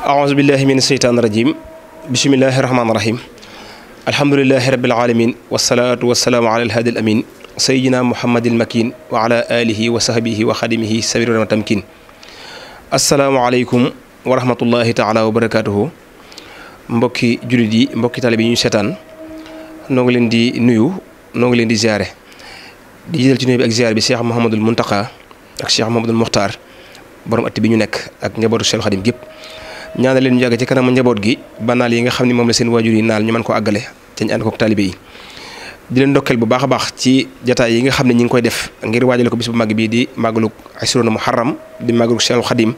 aouzu billahi min asheytaan rajim bismillahi rahmaani rahim alhamdulilahi rabil alamin wasalaatu wasalaamu ala alhaadi al amin sayidina muhammadil makin wa ala wa sahbihi wa xadimihi sabir wa tamkin asalaamualeykum wa rahmatullahi taala wa barakaatuhu mbokki jullit mbokki taalibe yi ñu seetaan noo ngi leen di nuyu noo ngi leen di ziare di jiital ci nuyu bi ak ziare bi Cheikh Mouhamadul Mountakha ak Cheikh Mouhamadul Mokhtar borom at bi ñu nekk ak njabootu Cheikh Khadim gépp ñaane leen ñu yàgg ci kanamu njaboot gi banaal naal yi nga xam ne moom la seen waajur yi naal ñu man ko àggale te ñu ànd kook taalibe yi di leen ndokkeel bu baax a baax ci jataay yi nga xam ne ñi ngi koy def ngir waajale ko bis bu mag bii di màggalu asrona muharram di màggalu Cheikhul Khadim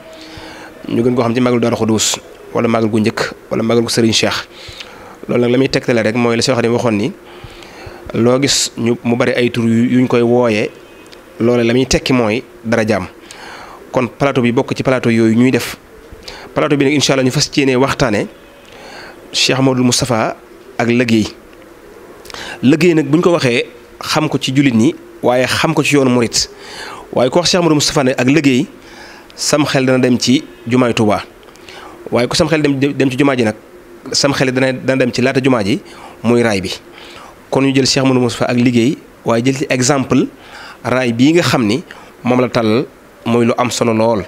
ñu gën koo xam ci màggalu Daaru Xuduus wala màggal gu njëkk wala màggal gu Serigne Cheikh loolu nag la muy tegtale rek mooy la Cheikh Khadim waxoon ni loo gis mu bari ay tur yuñ koy wooyee loole la muy tekki mooy dara jaam kon plateau bi bokk ci plateau yooyu ñuy def plateau bi nag incha allah ñu fas yéenee waxtaanee Cheikh Modou Moustapha ak liggéey liggéey nag bu ñu ko waxee xam ko ci jullit ñi waaye xam ko ci yoonu murit waaye ko wax Cheikh Modou Moustapha ne ak liggéey sam xel dana dem ci jumaay waaye ku sam xel dem ci jumaa ji nag sam xel dana dana dem ci laata jumaa ji muy raay bi kon ñu jël Cheikh Modou Moustapha ak liggéey waaye jël ci exemple raay bi nga xam ni moom la tàllal muy lu am solo lool.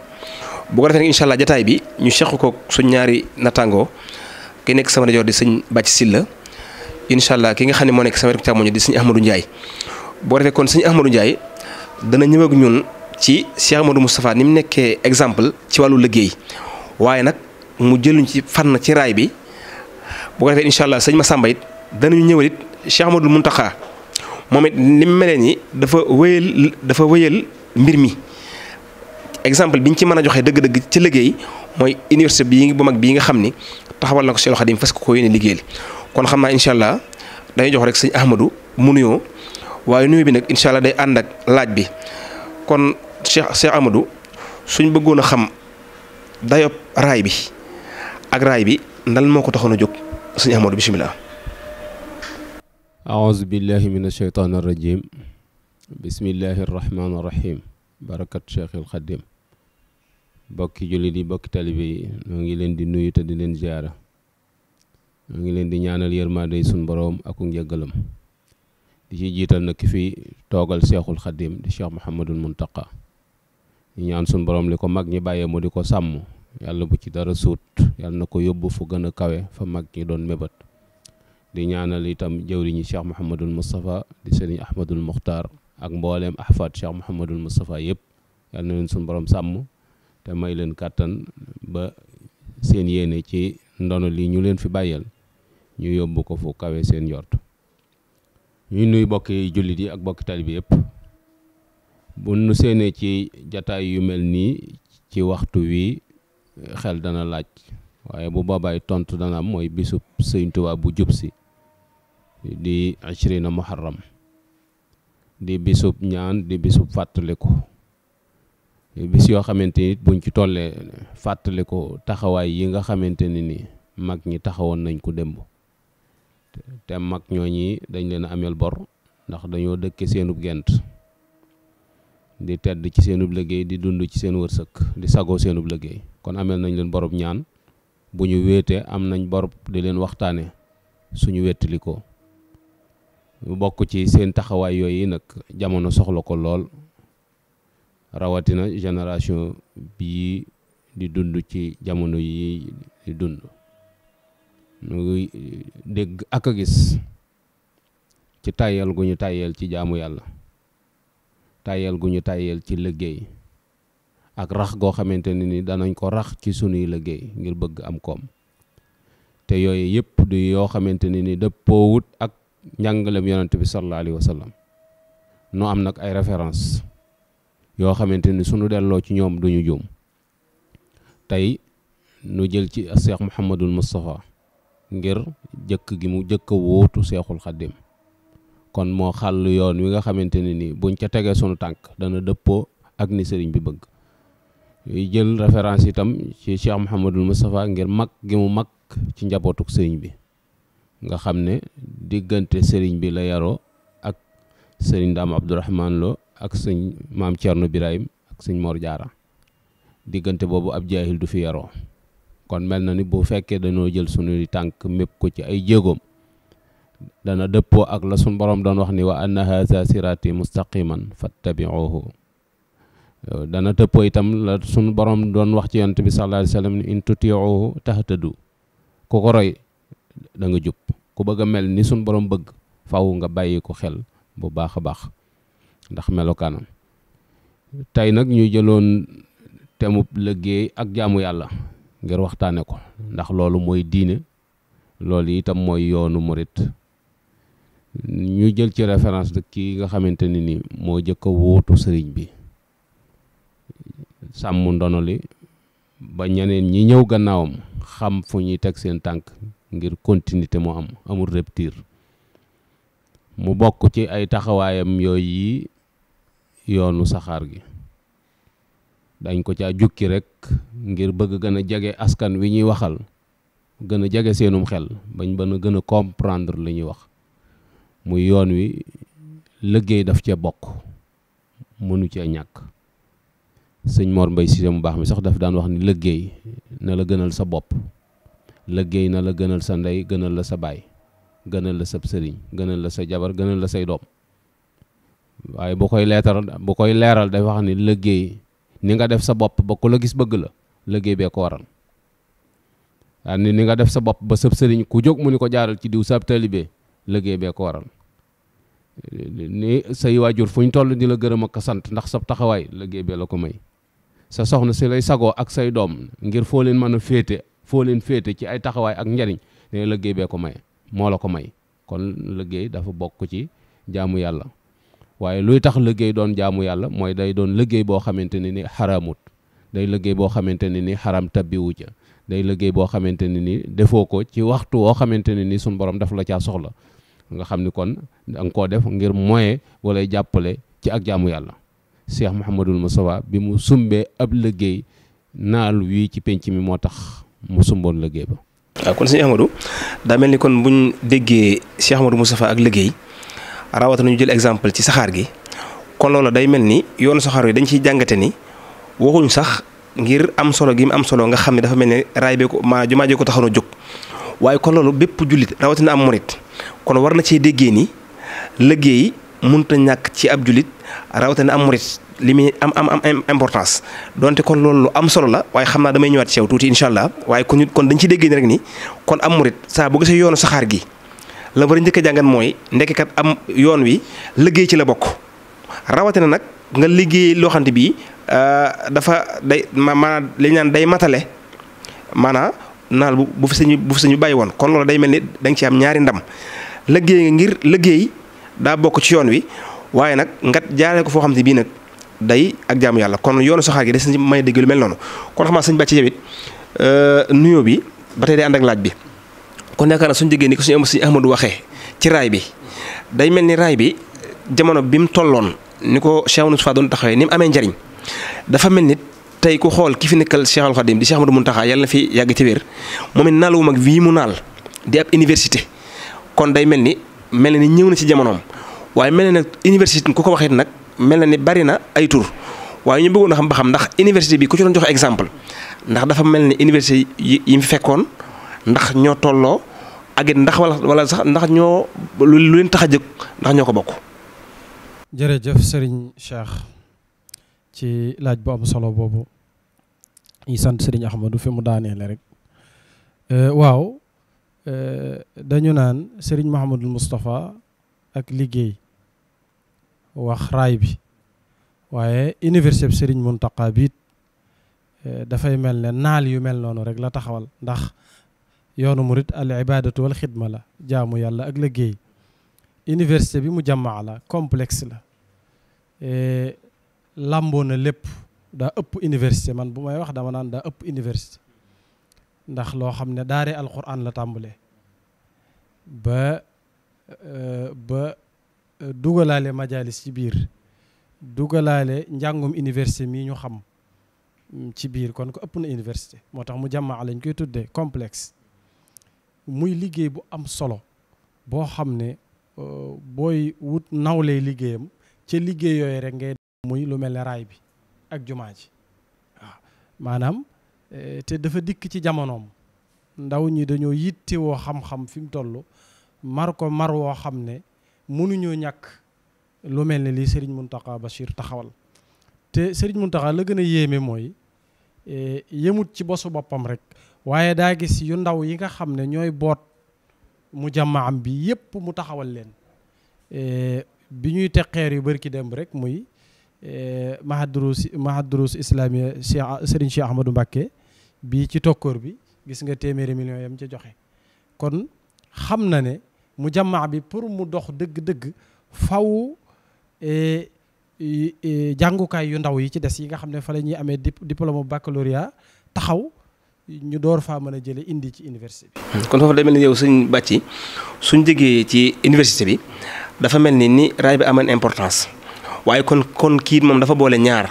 boo ko defee nag incha jataay bi ñu seq ko suñ ñaari nattangoo ki nekk sama rajo di sëñ Bàcc Silla incha allah ki nga xam ne moo nekk sama rajo càmmoñ di sëñ Ahmadou Ndiaye ko defee sëñ Ahmadou Ndiaye dana ñëw ak ñun ci Cheikh Ahmadou ni mu nekkee exemple ci wàllu liggéey waaye nag mu jëluñ ci fànn ci raay bi bu ko defee sëñ Massamba it danañu ñëwal it Cheikh Ahmadou moom it ni mu mel nii dafa wéyal dafa wéyal mbir mi. exemple bi ñu ci mën a joxe dëgg-dëgg ci liggéey mooy université bii bu mag bii nga xam ni taxawal na ko Cheikhoul Khadim fas ko yéene liggéeyal kon xam naa incha allah dañuy jox rek sëñ Ahmadou mu nuyoo waaye nuyoo bi nag incha allah day ànd ak laaj bi kon Cheikh Cheikh Ahmadou suñ bëggoon a xam dayob raay bi ak raay bi ndal moo ko taxoon a jóg sëñ Ahmadou bisimilah. aouzu billahi min ashaytaani rajim bismillahi rahmaani bokki jullit yi bokki talibe yi ñoo ngi leen di nuyu te di leen ziara ñoo ngi leen di ñaanal yërmande suñ boroom ak njëggalam di ci jiital nag ki fi toogal seexul xadim di cheikh Mouhamadul Muntaqa ñu ñaan suñ boroom li ko mag ñi bàyyee mu di ko sàmm yàlla bu ci dara suut yàlla na ko yóbbu fu gën a kawe fa mag ñi doon mébét di ñaanal itam jëwriñi cheikh Mouhamadul Moustapha di sëriñ Ahmadul Muxtaar ak mbooleem ahfaad cheikh Mouhamadul Moustapha yëpp yàlla na leen suñ boroom sàmm te may leen kàttan ba seen yéene ci ndono li ñu leen fi bàyyeel ñu yóbbu ko fu kawe seen yort ñuy nuy bokki jullit yi ak bokki taalibe yëpp bu nu seenee ci jataay yu mel nii ci waxtu wi xel dana laaj waaye bu boobaay tontu dana am mooy bisub Sëñ bu jub si di ashrina muharram di bisub ñaan di bisub fàttaliku bis yoo xamante ni buñ ci tollee fàttali ko taxawaay yi nga xamante ne ni mag ñi taxawoon nañ ko démb te mag ñoo ñi dañ leen a ameel bor ndax dañoo dëkke seenub gent di tedd ci seenub liggéey di dund ci seen wërsëg di sagoo seenub liggéey kon ameel nañ leen borub ñaan bu ñu wéetee am nañ borob di leen waxtaane suñu wettali ko bokk ci seen taxawaay yooyu nag jamono soxla ko lool rawatina génération bii di dund ci jamono yi dund ñu eh, dégg ak gis ci tàyyal gu ñu tàyyal ci jaamu yàlla tàyyal gu ñu tàyyal ci liggéey ak rax goo xamante ne ni danañ ko rax ci sunuy liggéey ngir bëgg am koom te yooyu yëpp du yoo xamante ni ni dëppoowut ak njàngalem yonent bi sallallahu alayhi wa am nag ay référence yoo xamante ni sunu delloo ci ñoom duñu juum tey nu jël ci Cheikh Mouhamadul Moustapha ngir jëkk gi mu jëkk a seexul Cheikhul kon moo xàll yoon wi nga xamante ne ni buñ ca tegee sunu tànk dana dëppoo ak ni sëriñ bi bëgg jël référence itam ci Cheikh Mouhamadul Moustapha ngir mag gi mu mag ci njabootuk sëriñ bi nga xam ne diggante sëriñ bi la yaroo ak sëriñ Daam Abdourahman Lo ak suñ maam Thierno Birahim ak suñ Mor Diarra diggante boobu ab jaahil du fi yaroo kon mel na ni bu fekkee dañoo jël suñuy tànk mépp ko ci ay jéegoom dana dëppoo ak la suñ boroom doon wax ni wa anna haza sirati mustaqiman fattabi'uhu dana dëppoo itam la suñ borom doon wax ci yonent bi sallallahu alayhi wa sallam ni in tuti'uhu tahtadu ku ko roy da jub ku bëgg a mel ni suñ boroom bëgg faw nga bàyyi ko xel bu baax a baax ndax melokaanam tey nag ñu jëloon temub liggéey ak jaamu yàlla ngir waxtaane ko ndax loolu mooy diine loolu itam mooy yoonu murit ñu jël ci référence de kii nga xamante ne ni moo jëkk a wóotu sëriñ bi sàmm ndono li ba ñeneen ñi ñëw gannaawam xam fu ñuy teg seen tànk ngir continuité mu am amul rupture mu bokk ci ay taxawaayam yooyu yoonu saxaar gi dañ ko caa jukki rekk ngir bëgg gën a jege askan wi ñuy waxal gën a jege seenum xel bañ bana gën a comprendre li ñuy wax muy yoon wi liggéey daf cee bokk mënu cee ñàkk sëñ Mor Mbay Cissé mu baax mi sax daf daan wax ni liggéey na la gënal sa bopp liggéey na la gënal sa ndey gënal la sa baay gënal la sa sëriñ gënal la sa jabar gënal la say doom waaye bu koy leetar bu koy leeral dafa wax ni liggéey ni nga def sa bopp ba ku la gis bëgg la liggéey bee ko waral daal ni nga def sa bopp ba sëb sëriñ ku jóg mu ni ko jaaral ci diw sab taalibe liggéey bee ko waral ni say waajur fu ñu toll di la gërëm ak sant ndax sa taxawaay liggéey bee la ko may sa soxna si lay sagoo ak say doom ngir foo leen mën a féete foo leen féete ci ay taxawaay ak njariñ ne liggéey bee ko may moo la ko may kon liggéey dafa bokk ci jaamu yàlla waaye luy tax liggéey doon jaamu yàlla mooy day doon liggéey boo xamante ne ni xaraamut day liggéey boo xamante ne ni xaram tabbiwu ca day liggéey boo xamante ne ni defoo ko ci waxtu woo xamante ne ni suñ borom daf la caa soxla nga xam ni kon danga koo def ngir moyen wala jàppale ci ak jaamu yàlla Cheikh Mouhamadul Moustapha bi mu sumbee ab liggéey naal wii ci pénc mi moo tax mu sumboon liggéey ba. waaw kon sëñ Amadou daa mel ni kon buñ déggee Cheikh Amadou Moustapha ak liggéey. rawatina ñu jël exemple ci saxaar gi kon loolu day mel ni yoonu saxaar yi dañ ciy jàngate ni waxuñ sax ngir am solo gi mu am solo nga xam ne dafa mel ne raay ko maa jumaa jee ko taxoon a jóg waaye kon loolu bépp jullit rawatina am murit kon war na cee déggee ni liggéey mënta ñàkk ci ab jullit rawatina am murit li muy am am am importance donte kon loolu lu am solo la waaye xam naa damay ñëwaat ci yow tuuti incha allah waaye kon kon dañ ci déggee ni rek ni kon am murit saa bu gisee yoonu saxaar gi. la war a njëkk jàngat mooy ndekkat am yoon wi liggéey ci la bokk rawatina nag nga liggéey loo bii bi euh, dafa day ma li ñu naan day matale maanaam naal bu bu fi sañu bu fi sañu bàyyi woon kon loolu day mel ni dañ ci am ñaari ndam liggéey ngir liggéey daa bokk ci yoon wi waaye nag ngat jaaree ko foo xam ne bii nag day ak jaamu yàlla kon yoonu saxaar gi des na may dégg lu mel noonu kon xam naa sëñ Bàcc yow it euh, nuyoo bi ba tey day ànd ak laaj bi. kon yaakaar na suñu déggee ni ko suñu suñu Ahmadou waxee ci raay bi day mel ni raay bi jamono bi mu tolloon ni ko Cheikh Moustapha doon taxawee ni mu amee njariñ dafa mel ni tey ku xool ki fi nekkal Cheikhul Khadim di Cheikh Ahmadou Mountakha yàlla na fi yàgg ci wér moom it naal wu mag wii mu naal di ab université kon day mel ni mel na ni ñëw na ci jamonoom waaye mel na nag université ku ko waxee nag mel na ni bari na ay tur waaye ñu bëggoon a xam ba xam ndax université bi ku ci doon exemple ndax dafa mel ni université yi mu fekkoon. ndax ñoo tolloo ak ndax wala wala sax ndax ñoo lu leen tax a ndax ñoo ko bokk. jërëjëf sëriñ Cheikh ci laaj bu am solo boobu ñi sant Serigne Ahmadou fi mu daaneele rek euh, waaw euh, dañu naan Serigne Mouhamadul Moustapha ak liggéey wax raay bi waaye université Serigne Mountakha biit euh, dafay mel ne naal yu mel noonu rek la taxawal ndax. yoonu murit al ibadatu wal xidma la jaamu yàlla ak liggéey université bi mu jàmmaa la complexe la e, làmboo na lépp daa ëpp université man bu may wax dama naan daa ëpp université ndax loo xam ne daa daaree alquran la tàmbalee ba e, ba e, dugalaale majalis ci biir dugalaale njàngum université mii ñu xam mm, ci biir kon ko ëpp na université moo tax mu jàmmaa lañ koy tuddee complexe muy liggéey bu am solo boo xam ne euh, booy wut nawlee liggéeyam ca liggéey yooyu rek ngay muy lu mel ni raay bi ak jumaa ji waaw maanaam euh, te dafa dikk ci jamonoom ndaw ñi dañoo yittewoo xam-xam fi mu toll mar ko mar woo xam ne mënuñoo ñàkk lu mel ni lii Serigne ba Bachir taxawal te Serigne Mountakha la gën a yéeme mooy euh, yemut ci bosu boppam rek waaye daa gis yu ndaw yi nga xam ne ñooy boot mu jamaa am bi yépp mu taxawal leen e, bi ñuy teg yu bari ki dem rek muy e, mahadrus mahadrus islamiya Cheikh Serigne Cheikh Ahmadou Mbacké bii ci tokkoor bi gis nga téeméeri millions yam ca joxe kon xam na ne mu jamaa bi pour mu dox dëgg-dëgg faw e, jàngukaay yu ndaw yi ci des yi nga xam ne fa la ñuy amee diplôme baccalauréat taxaw ñu door faa mën a jële indi ci université bi. kon foofu day mel ni yow sëñ suñ jógee ci université bi dafa mel ni ni raay bi amoon importance waaye kon kon kii moom dafa boole ñaar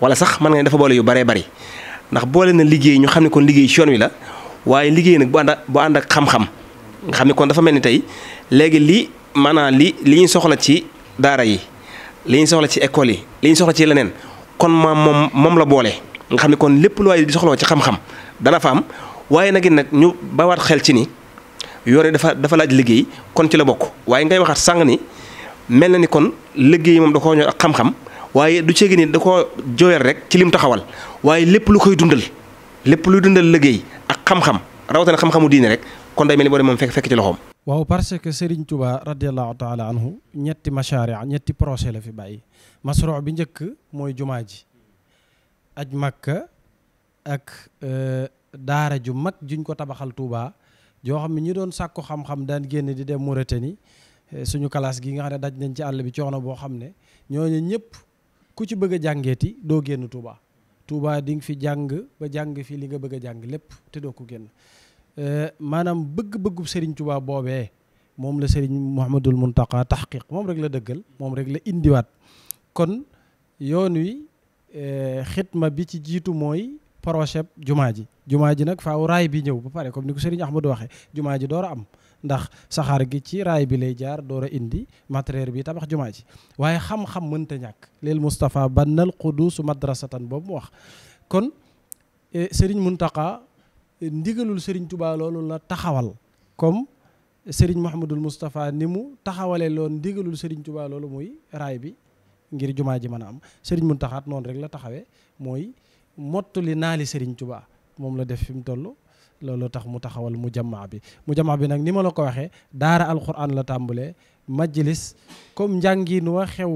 wala sax man nga ne dafa boole yu baree bari ndax boole na liggéey ñu xam ne kon liggéey ci yoon wi la waaye liggéey nag bu ànd ak ànd ak xam-xam nga xam ne kon dafa mel ni tey léegi li maanaam li li ñu soxla ci daara yi li ñu soxla ci école yi li ñu soxla ci leneen kon maam moom moom la boole nga xam ne kon lépp lu waay di soxla ci xam dana fa am waaye nag nag ñu bawaat xel ci ni yore dafa dafa laaj liggéey kon ci la bokk waaye ngay waxaat sàng ni mel na ni kon liggéey moom da koo ñor ak xam-xam waaye du ceegi ni da koo jooyal rek ci lim taxawal waaye lépp lu koy dundal lépp luy dundal liggéey ak xam-xam rawatina xam-xamu diine rek kon day mel ni boo moom fekk fekk ci loxoom. waaw parce que Serigne Touba radiallahu taala anhu ñetti machaari ñetti projet la fi bàyyi masro bi njëkk mooy jumaa ji aj Makka ak euh, daara ju mag juñ ko tabaxal tuuba joo xam ne ñi doon sàkku xam-xam daan génn di dem ni euh, suñu classe gi nga xam ne daj nañ ci àll bi coono boo xam ne ñooñu ñëpp ku ci bëgg a jàngeeti doo génn Touba Touba di nga fi jàng ba jàng fii li nga bëgg a jàng lépp te doo ko génn euh, maanaam bëgg-bëggu Serigne Touba boobee moom la Serigne Mouhamadul Mountakha taxqiq moom rek la dëggal moom rek la indiwaat kon yoon wi xitma bi ci jiitu mooy projet jumaa ji jumaa ji nag faaw raay bi ñëw bu pare comme ni ko Serigne Ahmadou waxee jumaa ji door a am ndax saxaar gi ci raay bi lay jaar door a indi matériel bi tabax jumaa ji waaye xam-xam mënta ñàkk leel Moustapha bannal quduusu madrasatan boobu mu wax kon e, Serigne Mountakha ndigalul Serigne tubaa loolu la taxawal comme Serigne Mouhamadul Moustapha ni mu taxawalee loon ndigalul Serigne tubaa loolu mooy raay bi ngir jumaa ji mën a am Serigne Mountakha noonu rek la taxawee mooy naa li Serigne Touba moom la def fi mu toll loolu tax mu taxawal mu jamaa bi mu jamaa bi nag ni ma la ko waxee daara alquran la tàmbalee majlis comme njàngiin wa xew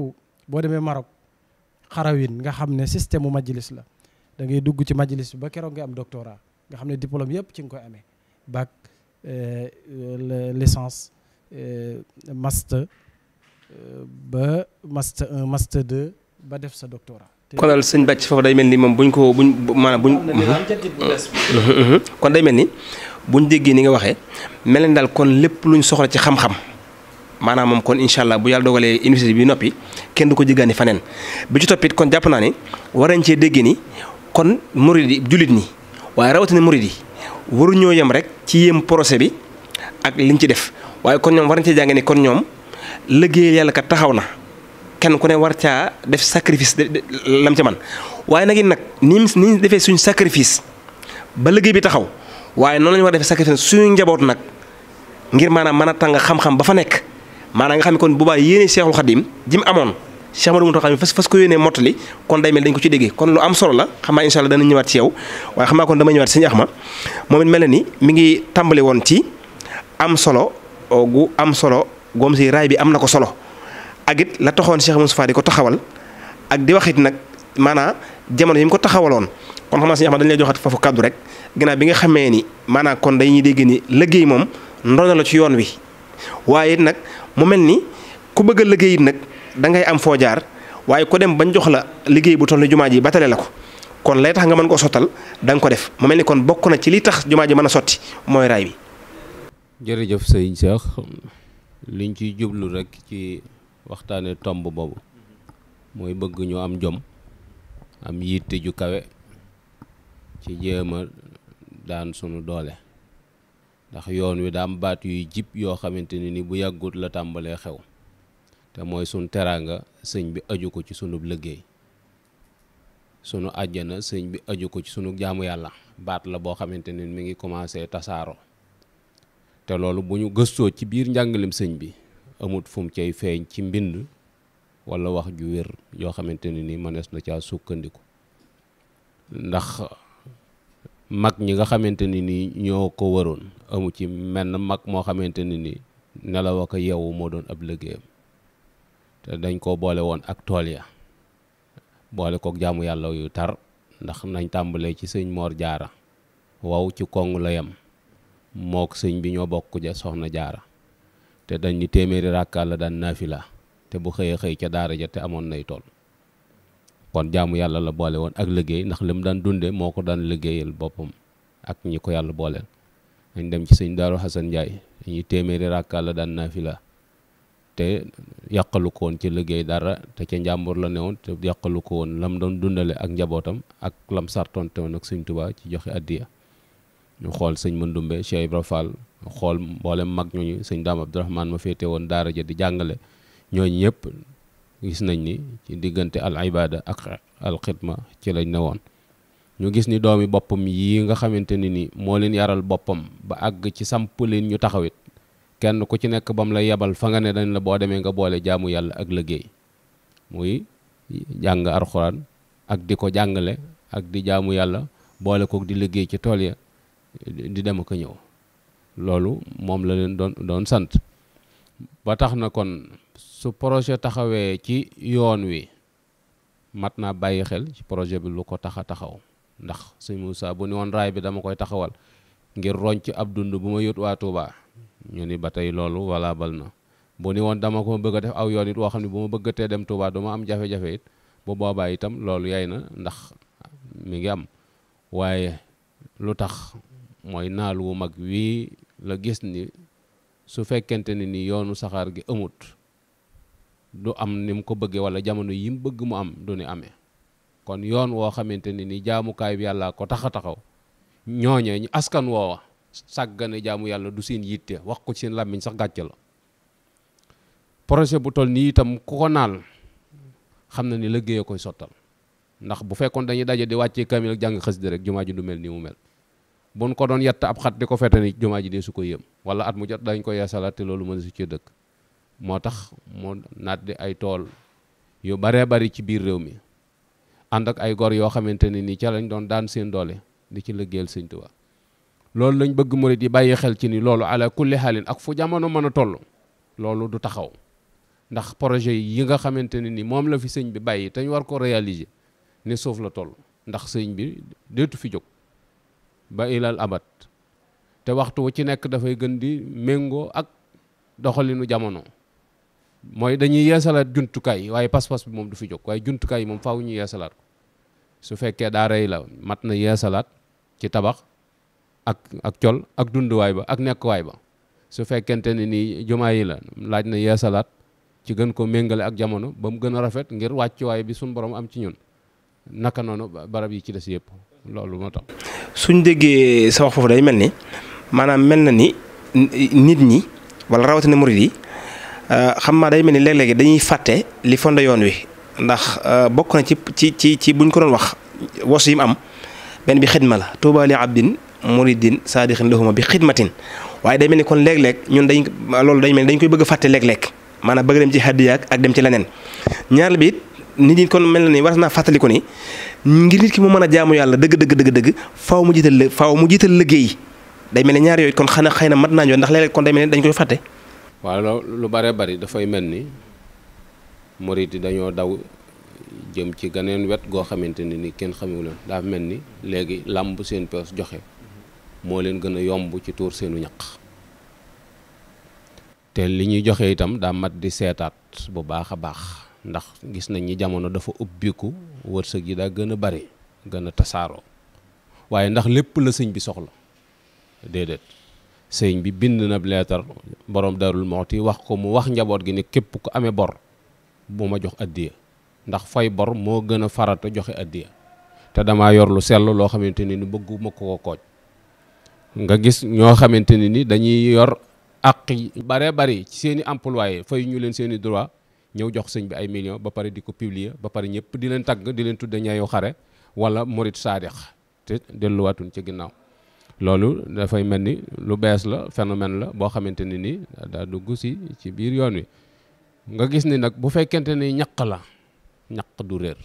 boo demee Maroc xarawin nga xam ne système mu majlis la da ngay dugg ci majlis bi ba keroog ngi am doctorat nga xam ne diplôme yëpp ci nga koy amee bac euh, euh, licence euh, master ba master 1 master ba def sa doctorat kon daal sëñ bàcc foofu day mel ni moom buñ ko buñ maanaam buñ. kon day mel ni buñ déggee ni nga waxee mel ni daal kon lépp luñ soxla ci xam-xam maanaam moom kon incha allah bu yàlla dogalee université bi noppi kenn du ko jéggaani faneen bi ci toppit kon jàpp naa ne warañ nañ cee dégg ni kon murid yi jullit ñi waaye rawatina murid yi waruñoo yem rek ci yéem procès bi ak liñ ci def waaye kon ñoom war nañ cee jàng ni kon ñoom liggéeyal yàlla kat taxaw na. kenn ku ne war caa def sacrifice lam ca man waaye nag it nag ni ñu defee suñu sacrifice ba liggéey bi taxaw waaye noonu lañu war def defee sacrifice suñu njaboot nag ngir maanaam mën a tàng xam-xam ba fa nekk maanaam nga xam ne kon bu baax yéene Seexul Xadim ji mu amoon Cheikh Amadou Mountakha mi fas fas ko yéenee mottali kon day mel dañ ko ci déggee kon lu am solo la xam naa incha dana ñëwaat ci yow waaye xam naa kon dama ñëwaat sëñ moom it mel na ni mi ngi tàmbali woon ci am solo gu am solo goom si raay bi am na ko solo ak it la taxoon Cheikh Moustapha di ko taxawal ak di waxit nag maanaa jamono yi mu ko taxawaloon kon xam si ñoo xam dañu joxat foofu kàddu rek gannaaw bi nga xamee ni maanaa kon dañuy dégg ni liggéey moom ndono la ci yoon wi waaye nag mu mel ni ku bëgg a liggéey nag da ngay am foo jaar waaye ku dem bañ jox la liggéey bu toll ni jumaa ji batale la ko kon lay tax nga mën koo sottal da nga ko def mu mel ni kon bokk na ci li tax jumaa ji mën a sotti mooy raay bi. jërëjëf liñ ciy jublu rek ci waxtaane tomb boobu mooy bëgg ñu am jom am yitte ju kawe ci jéem a daan sunu doole ndax yoon wi daam baat yuy jib yoo xamante ne ni bu yàggut la tàmbalee xew te mooy sunu teraanga sëñ bi aju ko ci sunub liggéey sunu àjjana sëñ bi aju ko ci sunu jaamu yàlla baat la boo xamante ne mi ngi commencé tasaaroo te loolu bu ñu gëstoo ci biir njàngalem sëñ bi amut fu mu cay feeñ ci mbind walla wax ju wér yoo xamante ne ni mënees na caa sukkandiku ndax mag ñi nga xamante ne ni ñoo ko waroon amu ci menn mag moo xamante ne ni nelaw ak yeewu moo doon ab liggéeyam te dañ koo boole woon ak tool ya boole kook jaamu yàlla yu tar ndax nañ tàmbalee ci sëñ Moor Jaara waw ci kong la yam mook sëñ bi ñoo bokk ja soxna Jaara te dañ ni téeméeri rakka la daan naafila te bu xëyee xëy ca daara ja te amoon nay tool kon jaamu yàlla la boole woon ak liggéey ndax li mu daan dunde moo ko daan liggéeyal boppam ak ñi ko yàlla booleel dañ dem ci sëñ Daaru Xasan Njaay dañuy téeméeri rakka la daan naafila te yàqalu ko woon ci liggéey dara te ca njàmbur la newoon te yàqalu ko woon lam doon dundale ak njabootam ak lam sartoonte woon ak sëñ Tuubaa ci joxe addiya ñu xool sëñ Mandoumbe Cheikh Ibra Fall xool mboolem mag ñu sëñ Daam Abdourahman ma féete woon daara ja di jàngale ñooñu ñëpp gis nañ ni ci diggante al ibada ak al ci lañ ne woon ñu gis ni doomi boppam yi nga xamante ni ni moo leen yaral boppam ba àgg ci samp leen ñu taxawit kenn ku ci nekk bam la yebal fa nga ne dañ la boo demee nga boole jaamu yàlla ak liggéey muy jàng alxuraan ak di ko jàngale ak di jaamu yàlla boole kook di liggéey ci tool ya di dem ko ñëw loolu moom la leen doon doon sant ba tax na kon su projet taxawee ci yoon wi mat naa bàyyi xel ci projet bi lu ko tax a taxaw ndax sëñ Moussa bu ni woon raay bi dama koy taxawal ngir roñ ci ab dund bu ma yót waa Touba ñu ni ba tey loolu wala bal na bu ni woon dama ko bëgg a def aw yoon it woo xam ne bu ma bëggatee dem Touba du ma am jafe-jafe it bu boobaa itam loolu yaay na ndax mi ngi am waaye lu tax mooy naal wu mag wii la gis ni su fekkente ne ni yoonu saxaar gi amut du am ni mu ko bëggee wala jamono yi mu bëgg mu am du ni amee kon yoon woo xamante ne ni jaamukaay bi yàlla ko tax a taxaw ñooñee ñu askan woowa sàggane jaamu yàlla du seen yitte wax ko seen làmmiñ sax gàcce la projet bu toll nii itam ku ko naal xam na ni liggéey koy sottal ndax bu fekkoon dañuy daje di wàccee kamil ak jàng xasida rek jumaa ji du mel ni mu mel buñ ko doon yett ab xat di ko fete ni jumaa ji dee su ko yem wala at mu jot dañ koy yeesalaat te loolu mën su ci dëkk moo tax mu naat di ay tool yu baree bari ci biir réew mi ànd ak ay gor yoo xamante ne nii ca lañ doon daan seen doole di ci liggéeyal Sëñ Tuubaa loolu lañ bëgg murid yi bàyyi xel ci ni loolu ala kulli xaalin ak fu jamono mën a toll loolu du taxaw ndax projet yi nga xamante ne ni moom la fi sëñ bi bàyyi te ñu war ko réaliser ne suuf la toll ndax sëñ bi deetu fi jóg ba ilal abat te waxtu ci nekk dafay gën di méngoo ak doxalinu jamono mooy dañuy yeesalaat jumtukaay waaye pas-pas bi moom du fi jóg waaye jumtukaay yi moom faaw ñu yeesalaat su fekkee daara yi la mat na yeesalaat ci tabax ak ak col ak dunduwaay ba ak nekkuwaay ba su fekkente ne nii jumaa yi la laaj na yeesalaat ci gën ko méngale ak jamono ba mu gën a rafet ngir wàccuwaay bi suñ borom am ci ñun naka noonu barab yi ci des yëpp loolu moo tax. suñ déggee sa wax foofu day mel ni maanaam mel na ni nit ñi wala rawatina murid yi euh, xam naa day mel ni léeg-léegi dañuy fàtte li fonde yoon wi ndax euh, bokk na ci ci ci ci buñ ko doon wax wos yi mu am benn bi xidma la tuuba li abdin muridin saadixin lahuma bi xidmatin waaye day mel ni kon léeg-léeg ñun dañ loolu day mel ni dañ koy bëgg a lekk léeg-léeg maanaam bëgg dem ci hadiya ak dem ci leneen ñaar bi nit ñi kon mel na ni war naa fàttaliku ni ngir nit ki mu mën a jaamu yàlla dëgg dëgg dëgg dëgg faaw mu jiital faw mu jiital liggéey day mel ne ñaar yooyu kon xana xëy na mat naa ndax léeg-léeg kon ni dañ koy fàtte. waaw lu bare bari dafay mel ni murit yi dañoo daw jëm ci ganeen wet goo xamante ne ni kenn xamewu leen daa mel ni léegi làmb seen pees joxe moo leen gën a yomb ci tuur seenu ñaq. te li ñuy joxe itam daa mat di seetaat bu baax a baax ndax gis nañ ni jamono dafa ubbiku wërsëg yi daa gën a bari gën a tasaaroo waaye ndax lépp la sëñ bi soxla déedéet sëñ bi bind na leetar borom moo moxti wax ko mu wax njaboot gi ne képp ko amee bor bu ma jox addiya ndax fay bor moo gën a farata joxe addiya te dama yor lu sell loo xamante ni ni bëgguma ko kooj nga gis ñoo xamante ni ni dañuy yor àq bare bari ci seeni employé fay ñu leen seeni droit ñëw jox sëñ bi ay millions ba pare di ko publier ba pare ñëpp di leen tagg di leen tudde ñaayu xare wala murit saadix te delluwaatun ci ginnaaw loolu dafay mel ni lu bees la phénomène la boo xamante ne nii daa dugg si ci biir yoon wi nga gis ni nag bu fekkente ni ñaq la ñaq du réer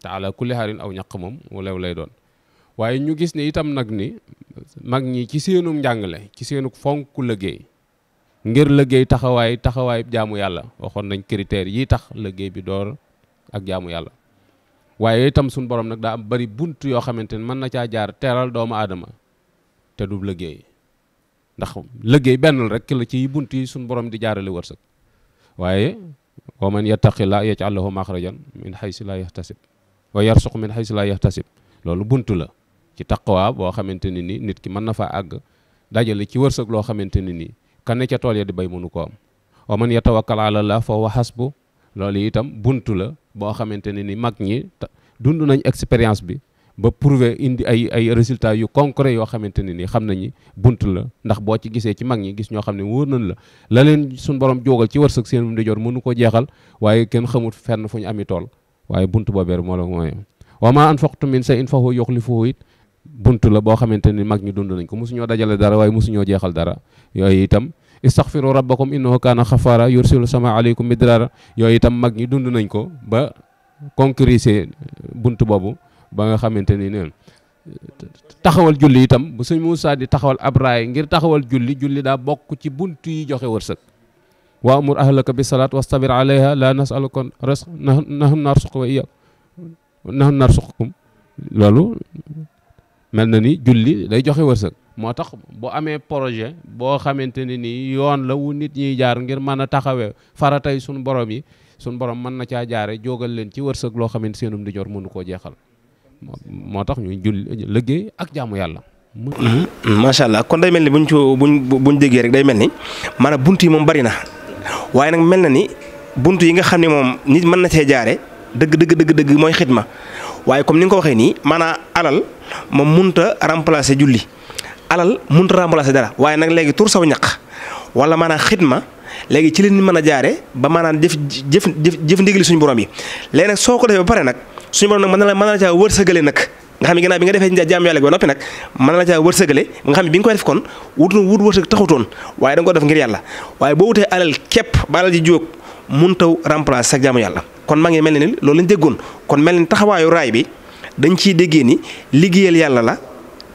te ala kulli xaarin aw ñaq moom walew lay doon waaye ñu gis ni itam nag ni mag ñi ci seenum njàngale ci seenu fonk liggéey ngir liggéey taxawaay taxawaay jaamu yàlla waxoon nañ critères yi tax liggéey bi door ak jaamu yàlla waaye itam suñu borom nag daa am bari bunt yoo xamante ni mën na caa jaar teeral doomu aadama te du liggéey ndax liggéey benn rekk la ci bunt yi suñu borom di jaarale wërsëg waaye wa man yattaqillaa yaj'al lahu maxrajan min haysi laa yahtasib wa yarsuq min haysi laa yahtasib loolu bunt la ci taqwa boo xamante ne ni nit ki mën na faa àgg dajale ci wërsëg loo xamante ne nii kan ne ca tool ya di bay mënu ko am wa man yatawakkal ala Allah fa huwa hasbu loolu itam buntu la boo xamante ne ni mag ñi dund nañ expérience bi ba prouver indi ay ay résultats yu concret yoo xamante ne nii xam nañu bunt la ndax boo ci gisee ci mag ñi gis ñoo xam ne wóor nañ la la leen suñ borom jógal ci war wërsëg seen ndijoor mënu ko jeexal waaye kenn xamut fenn fu ñu ami tool waaye bunt boobeer moo la mooy wa ma anfaqtum min shay'in fa huwa yukhlifuhu it bunt la boo xamante ni mag ñi dund nañ ko mosuñoo dajale dara waaye mosuñoo jeexal dara yooyu itam istaghfiru rabbakum innahu kaana xafaara yursilu sama aleykum midraara yooyu itam mag ñi dund nañ ko ba concrétiser bunt boobu ba nga xamante ni neen taxawal julli itam bu sëñ Moussa di taxawal ab raay ngir taxawal julli julli daa bokk ci bunt yi joxe wërsëg wa amur ahlaka bi salaat wastabir alayha la nasaluka rizq nahnu narzuquka wa iyyakum nahnu narzuqukum loolu mel na ni julli day joxe wërsëg moo tax boo amee projet boo xamante ne nii yoon la wu nit ñiy jaar ngir mën a taxawee faratay suñu borom yi suñu borom mën na caa jaare jogal leen ci wërsëg loo xamante seenum di jor mënu koo jeexal moo tax ñu julli liggéey ak jaamu yàlla mm-hmm. macha allah kon day mel ni buñ ci buñ buñ déggee rek day mel ni maanaam bunt yi moom bari na waaye nag mel na ni bunt yi nga xam ne moom nit mën na cee jaare dëgg dëgg dëgg dëgg mooy xidma waaye comme ni nga ko waxee nii maanaam alal moom munta remplacer julli alal munta remplacer dara waaye nag léegi tur saw ñaq wala maanaam xidma léegi ci leen ñu mën a jaare ba ma maanaam jëf jëf jëf ndigali suñu borom yi léegi nag soo ko defee ba pare nag suñu borom nag mën na la mën na la caa wërsëgale nag nga xam ne gannaaw bi nga defee jaam yàlla ba noppi nag mën na la caa wërsëgale xam ne bi nga koy def kon wut wut wërsëg waaye da nga def ngir yàlla waaye boo wutee alal képp ba alal ji jóg mun taw remplacer sa jaamu yàlla kon maa ngi mel ni loolu lañ kon mel ni taxawaayu raay bi dañ ci déggee ni liggéeyal yàlla la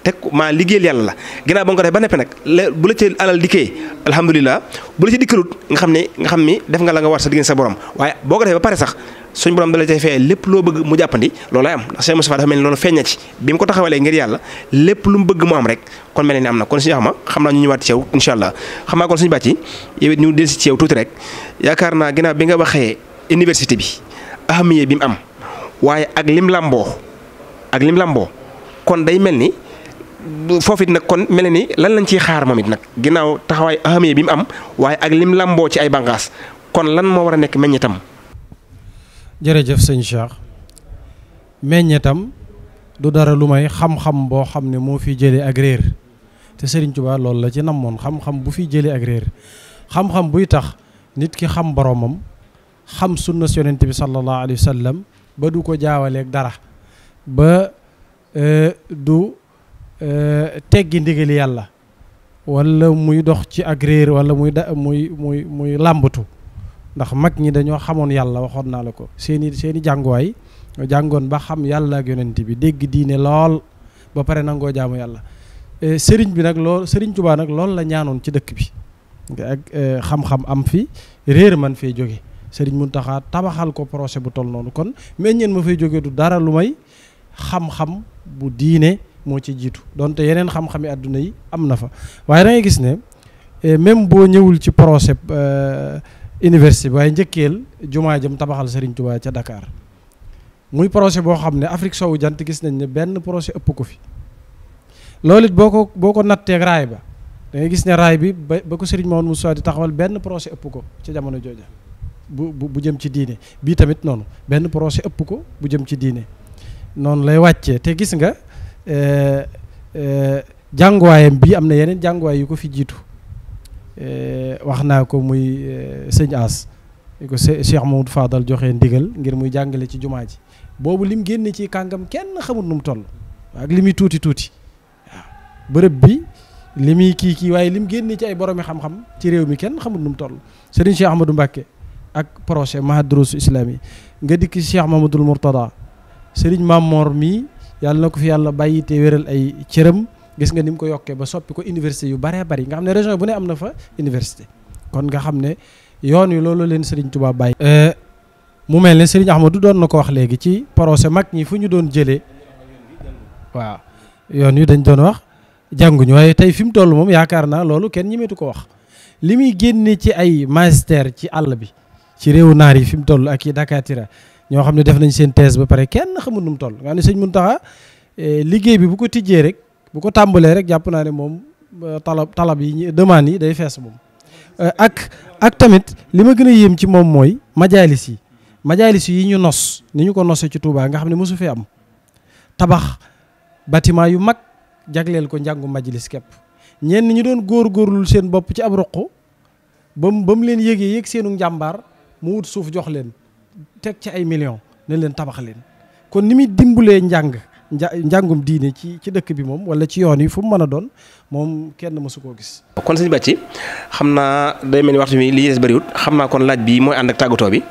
teg maa liggéeyal yàlla la ginnaaw ba nga ko defee ba neppe nag bu la ci alal dikkee alhamdulilah bu la ci dikkalut nga xam ne nga xam ni def nga la nga war sa diggante sa borom waaye boo ko defee ba pare sax suñ borom da la cay lépp loo bëgg mu jàppandi loolay am ndax Cheikh Moustapha dafa mel ni loolu feeñ ci bi mu ko taxawalee ngir yàlla lépp lu mu bëgg mu am rek kon mel ni am na kon suñu xama xam naa ñu ñëwaat ci yow incha allah xam naa kon suñu bàcc yow it rek yaakaar naa ginnaaw bi nga waxee université bi ahamiye bi mu am waaye ak lim làmboo ak lim lamboo kon day mel ni foofu it nag kon mel ni lan lañ ciy xaar moom nag ginnaaw taxawaay ahamiye bi mu am waaye ak lim lamboo ci ay bànqaas kon lan moo war a nekk meññetam. jërëjëf sëñ Cheikh meññetam du dara lu may xam-xam boo xam ne moo fi jëlee ak réer te Serigne Touba loolu la ci namoon xam-xam bu fi jëlee ak réer xam-xam buy tax nit ki xam boromam xam sunna yonent bi sallallahu alayhi wa ba du ko jaawaleeg dara ba e, du e, teggi ndigal yàlla wala muy dox ci ak réer wala muy da muy muy muy làmbatu ndax mag ñi dañoo xamoon yàlla waxoon naa la ko seeni seeni jànguwaay jàngoon ba xam yàlla ak yonent bi dégg diine lool ba pare nangoo jaamu yàlla e, sëriñ bi nag lool sëriñ Tuubaa nag loolu la ñaanoon ci dëkk bi ak xam-xam am fi réer man fee jóge sëriñ Muntaxa tabaxal ko projet bu toll noonu kon meññeen ma fay jóge du dara lu may xam-xam bu diine moo ci jiitu donte yeneen xam-xami àdduna yi am na fa waaye da gis ne eh, même boo ñëwul ci projet eh, université bi waaye njëkkeel jumaa jëm tabaxal Serigne Touba ca dakaar muy projet boo xam ne Afrique sowu jant gis nañ ne benn projet ëpp ko fi loolu it boo ko boo ko natteeg raay ba da gis ne raay bi ba ba ko Serigne Maodo Moussa di taxawal benn projet ëpp ko ca jamono jooja bu bu jëm ci diine bii tamit noonu benn projet ëpp ko bu jëm ci diine. noonu lay wàccee te gis nga eh, eh, jànguwaayam bi am na yeneen jànguwaay yu ko fi jiitu eh, wax naa ko muy sëñ As yu ko Cheikh Fadal joxe ndigal ngir muy jàngale ci jumaa ji boobu lim génne ci kàngam kenn xamut nu mu toll ak li muy tuuti tuuti waaw bërëb bi li muy kii kii waaye lim génne ci ay boromi xam-xam ci réew mi kenn xamut nu mu toll Serigne Cheikh Ahmadou Mbacké ak projet mahadrus islami nga dikk Cheikh Mamadou Mourtada sëriñ Mamor mii yàlla na ko fi yàlla bàyyi te wéral ay cëram gis nga ni mu ko yokkee ba soppi ko université yu baree bari nga xam ne région bu ne am na fa université kon nga xam ne yoon wi loolu leen sëriñ Touba bàyyi. Euh, mu mel ne sëriñ du doon na ko wax léegi ci procès mag ñi fu ñu doon jëlee waaw yoon wi dañ doon wax jànguñu waaye tey fi mu toll moom yaakaar naa loolu kenn ñemetu ko wax li muy génne ci ay magistère ci àll bi ci réewu naar yi fi mu toll ak i dakatira ñoo xam ne def nañ seen thèse ba pare kenn xamul nu mu toll nga xam ne sëñ Muntaxa eh, liggéey bi bu ko tijjee rek bu ko tàmbalee rek jàpp naa ne moom eh, talab talab yi demande yi day fees moom eh, ak ak tamit li ma gën a yéem ci moom mooy majaalis yi majaalis yi ñu nos ni ñu ko nosee ci Touba nga xam ne mosu fee am tabax bâtiment yu mag jagleel ko njàngu majalis képp ñenn ñu doon góor góorlul seen bopp ci ab roq ba mu ba mu leen yéegee yéeg seenu njàmbaar mu wut suuf jox leen teg ci ay millions ne leen tabax leen kon ni muy dimbalee njàng njàngum diine ci ci dëkk bi moom wala ci yoon yi fu mu mën a doon moom kenn mësu koo gis. kon sëñ Bàcci xam naa day mel ni waxtu bi li des xam naa kon laaj bi mooy ànd ak tàggatoo bi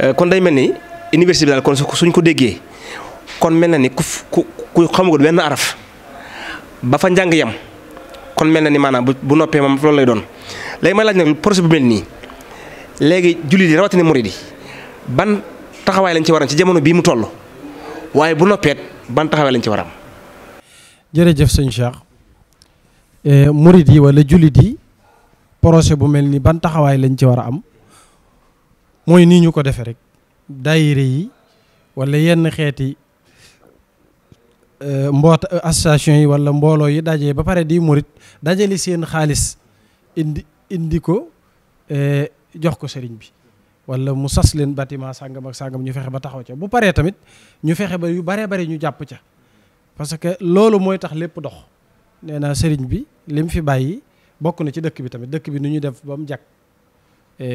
euh, kon day mel ni université bi suñ ko déggee kon mel na ni ku ku xamugul benn araf ba fa njàng yam kon mel na ni maanaam bu noppee moom loolu lay doon léegi may laaj nag projet bu mel nii léegi jullit yi rawatina murid yi ban taxawaay lañ ci war ci jamono bii mu toll waaye bu noppeet ban taxawaay lañ ci war a am. jërëjëf sëñ Cheikh eh, morit yi wala jullit yi projet bu mel ni ban taxawaay lañ ci war a am mooy nii ñu ko defee rek daayire yi walla yenn xeeti eh, mboota association yi wala mbooloo yi dajee ba pare di morit dajale seen xaalis indi indi ko eh, jox ko sëriñ bi. wala mu sas leen bâtiment sàngam ak sàngam ñu fexe ba taxaw ca bu paree tamit ñu fexe ba yu bare bari ñu jàpp ca parce que loolu mooy tax lépp dox nee naa sëriñ bi lim fi bàyyi bokk na ci dëkk bi tamit dëkk bi nu ñuy def ba mu jàkk e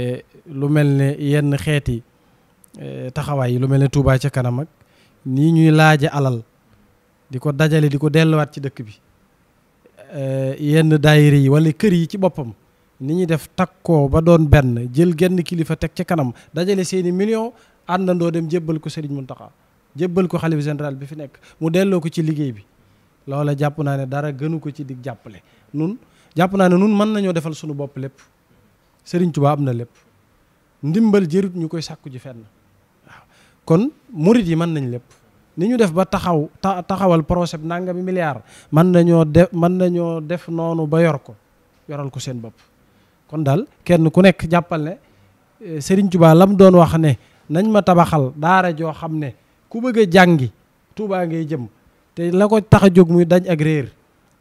lu mel ne yenn xeeti e taxawaay yi lu mel ne Touba ca kanam ak nii ñuy laaje alal di ko dajale di ko delluwaat ci dëkk bi e yenn daayira yi wala kër yi ci boppam ni ñuy def takkoo ba doon benn jël genn kilifa teg ci kanam dajale seeni million àndandoo dem jébbal ko Serigne Mountakha jébbal ko xalifa général bi fi nekk mu delloo ko ci liggéey bi loola jàpp naa ne dara gënu ko ci dig jàppale nun jàpp naa ne nun mën nañoo defal suñu bopp lépp Serigne Touba am na lépp ndimbal jërut ñu koy sàkku ji fenn waaw kon murit yi mën nañ lépp ni ñu def ba taxaw ta taxawal projet bi nangami mën nañoo def mën nañoo def noonu ba yor ko yoral ko seen bopp kon daal kenn ku nekk jàppal ne eh, Serigne Touba lam doon wax ne nañ ma tabaxal daara joo xam ne ku bëgg a jàngi Touba ngay jëm te la ko tax a jóg muy dañ ak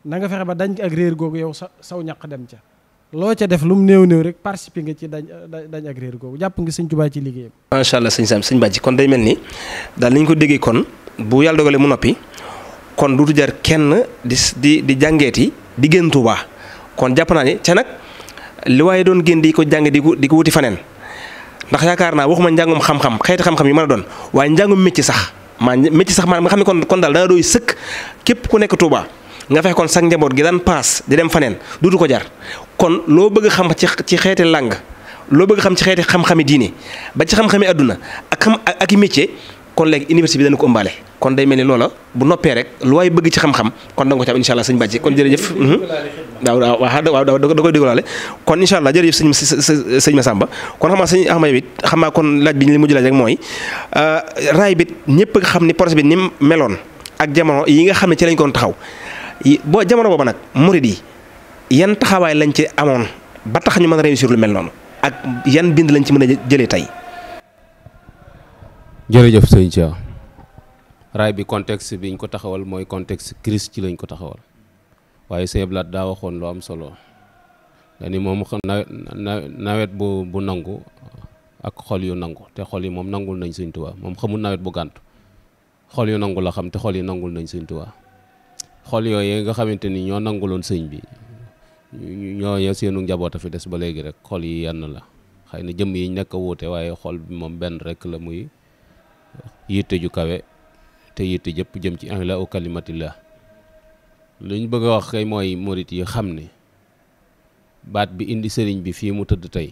na nga fexe ba dañ ak réer yow sa saw ñaq dem ca loo ca def lu mu néew néew rek participer nga ci dañ dañ ak réer googu jàpp nga sëñ Touba ci liggéeyam. macha allah sëñ Sam sëñ Badji kon day mel ni daal ni ko déggee kon bu yàlla dogalee mu noppi kon duutu jar kenn di di jàngeeti di gën Touba kon jàpp naa ni ca nag. li waaye doon génn di ko jàng di ko di ko wuti faneen ndax yaakaar naa waxuma njàngum xam-xam xeeti xam-xam yi mën a doon waaye njàngum métti sax maa métti sax maanaam nga xam ne kon kon daal dana doy sëkk képp ku nekk Touba nga fexe kon sax njaboot gi daan paas di dem faneen duutu ko jar kon loo bëgg xam ci ci xeeti làng loo bëgg xam ci xeeti xam-xami diine ba ci xam-xami àdduna ak xam ak i métier kon léegi université bi dana ko ëmbaale kon day mel ni loola bu noppee rek lu waay bëgg ci xam-xam kon da nga ko ci am incha allah sëñ Bàcci kon jërëjëf. Mhm. waaw waaw waaw da koy déglaale kon incha allah jërëjëf sëñ sëñ Massamba kon xam naa sëñ Axma yow it xam naa kon laaj bi ñu li mujj laaj rek mooy euh, raay bi ñëpp nga xam ni projet bi ni mu meloon ak jamono yi nga xam ne ci lañ ko taxaw boo jamono booba nag murid yi yan taxawaay lañ ci amoon ba tax ñu mën a réussir lu mel noonu ak yan bind lañ ci mën a jëlee tey jërëjëf sëñ Thia raay bi contexte biñ ko taxawal mooy contexte crise ci lañ ko taxawal waaye sëñ Blaat daa waxoon lu am solo dani moom nawet bu bu nangu ak xol yu nangu te xol yi moom nangul nañ sëñ moom xamul nawet bu gàntu xol yu nangu la xam te xol yi nangul nañ sëñ Tuubaa xol yooyu nga xamante ni ñoo nanguloon sëñ bi ñooñu seenu njaboot a fi des ba léegi rek xol yi yenn la xëy na jëmm yiñ ñu nekk wuute waaye xol bi moom benn rek la muy. yitte ju kawe te yitte jëpp jëm ci an la u kalimatillah lu ñu bëgg a wax kay mooy murit yi xam ne baat bi indi sëriñ bi fii mu tëdd tey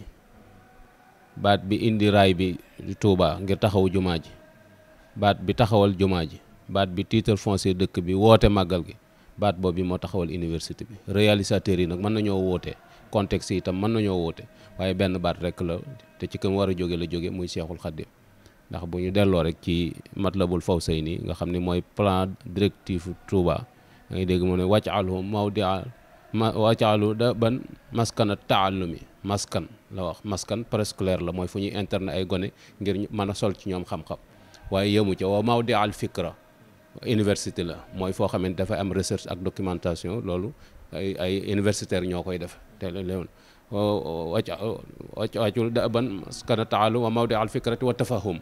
baat bi indi raay bi Touba ngir taxaw jumaa ji baat bi taxawal jumaa ji baat bi titre foncier dëkk bi woote màggal gi baat boobu moo taxawal université bi réalisateur yi nag mën nañoo woote contexte yi itam mën nañoo woote waaye benn baat rekk la te ci kam war a jóge la jóge muy Seexul Xaddim ndax bu ñu delloo rek ci matlabul nii nga xam ni mooy plan directif Touba da ngay dégg mu ne wàcc alu mawdia ma wàcc alu da ban maskana taallumi maskan la wax maskan préscolaire la mooy fu ñuy internet ay gone ngir mën a sol ci ñoom xam-xam waaye yëmu ca wa mawdia al fikra université la mooy foo xamante dafa am recherche ak documentation loolu ay ay universitaire ñoo koy def te léegi wàcc wàcc wàccul da ban maskana taalum wa mawdia al fikrati wa tafahum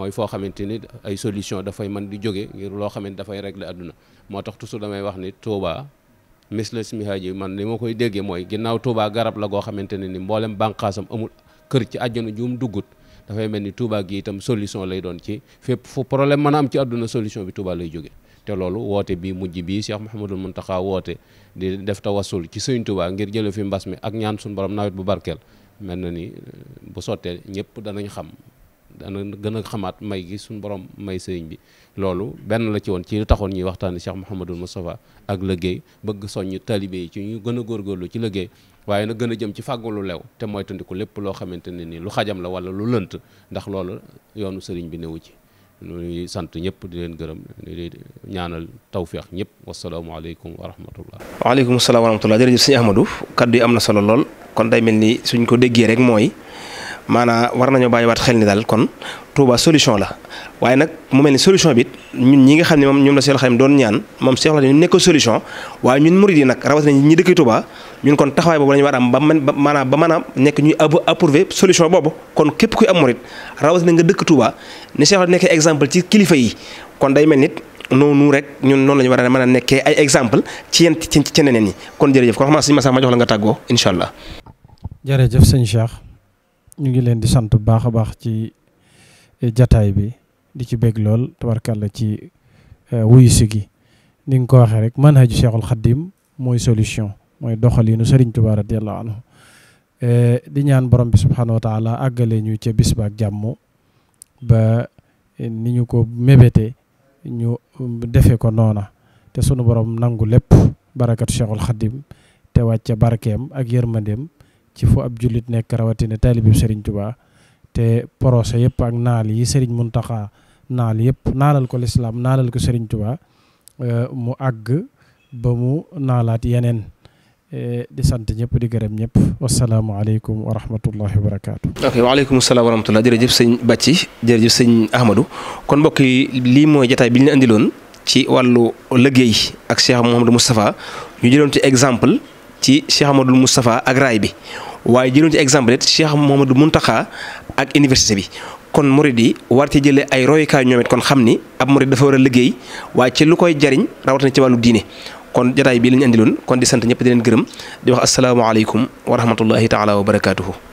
mooy foo xamante ni ay solution dafay man di jóge ngir loo xamante dafay régler àdduna moo tax toujours damay wax ni Touba misla smiha ji man li ma koy déggee mooy ginnaaw Touba garab la goo xamante ne ni mboolem bànqaasam amul kër ci àjjana juum duggut dafay mel ni Touba gi itam solution lay doon ci fépp fu problème mën a am ci àdduna solution bi Touba lay jóge te loolu woote bii mujj bii Cheikh Mouhamadul Mountakha woote di def tawassul ci Sëriñ Touba ngir jële fi mbas mi ak ñaan suñu borom nawet bu barkeel mel na ni bu sottee ñëpp danañ xam dana gën a xamaat may gi suñu borom may sëriñ bi loolu benn la ci woon ci li taxoon ñuy waxtaane Cheikh Mouhamadul Moustapha ak liggéey bëgg soññ talibé yi ci ñu gën a góorgóorlu ci liggéey waaye na gën a jëm ci fàggulu lew te moytandiku lépp loo xamante ne nii lu xajam la wala lu lënt ndax loolu yoonu sëriñ bi néewu ci ñuy sant ñëpp di leen gërëm di ñaanal tawféex ñëpp wasalaamaaleykum wa rahmatullah waaleykum salaam wa rahmatullah jërëjëf sëñ Ahmadou kaddu yi am na solo lool kon day mel ni suñ ko déggee rek mooy maanaam war nañoo bàyyiwaat xel ni daal kon Touba solution la waaye nag mu mel ni solution bi ñun ñi nga xam ne moom ñoom la Seex Xaadim doon ñaan moom Seex Xaadim nekk solution waaye ñun murid yi nag rawatina ñi dëkk Touba ñun kon taxawaay boobu ñu war am ba man ba maanaam ba maanaam nekk ñuy approuvé solution boobu kon képp kuy am murid rawatina nga dëkk Touba ni Seex nekkee exemple ci kilifa yi kon day mel ni noonu rek ñun noonu la war a man a nekkee ay exemple ci yenn ci ci ñeneen ñi kon jërëjëf kon xam naa suñu masaa la nga tàggoo incha allah. jërëjëf sëñ Cheikh ñu ngi leen di sant bu baax a baax ci eh, jataay bi di ci bég lool la ci eh, wuyu gi ni nga ko waxee rek manhaju Cheikhul Khadim mooy solution mooy doxaliinu Serigne Touba radiyallahu anhu eh, di ñaan borom bi subhanahu wa taala àggale ñu ca bis ba ak ba ni ñu ko mébéte ñu um, defe ko noona te sunu borom nangu lépp barakatu Cheikhul Khadim te wàcce barkeem ak yërmandeem ci fu ab jullit nekk rawatina taalibib Serigne Touba te projet yëpp ak naal yi Serigne Mountakha naal yëpp naalal ko lislaam naalal ko Serigne Touba euh, mu àgg ba mu naalaat yeneen euh, di sant ñëpp di gërëm ñëpp wasalaamualeykum wa rahmatullahi wa barakaatu. ok waaleykum salaam wa rahmatullah jërëjëf sëñ Bàcci jërëjëf sëñ Ahmadou kon mbokk yi lii mooy jataay bi ñu la indiloon ci wàllu liggéey ak Cheikh Mouhamadou Moustapha ñu jëloon ci exemple. ci Cheikh Amadou Moustapha ak raay bi waaye jëloon ci exemple it Cheikh Mouhamadou Mountakha ak université bi kon murid yi war ci jëlee ay royukaay ñoom it kon xam ni ab murid dafa war a liggéey waaye ci lu koy jariñ rawatina ci wàllu diine kon jotaay bi la ñu andiloon kon di sant ñëpp di leen gërëm di wax asalaamaaleykum wa rahmatullahi taala wa barakaatuhu.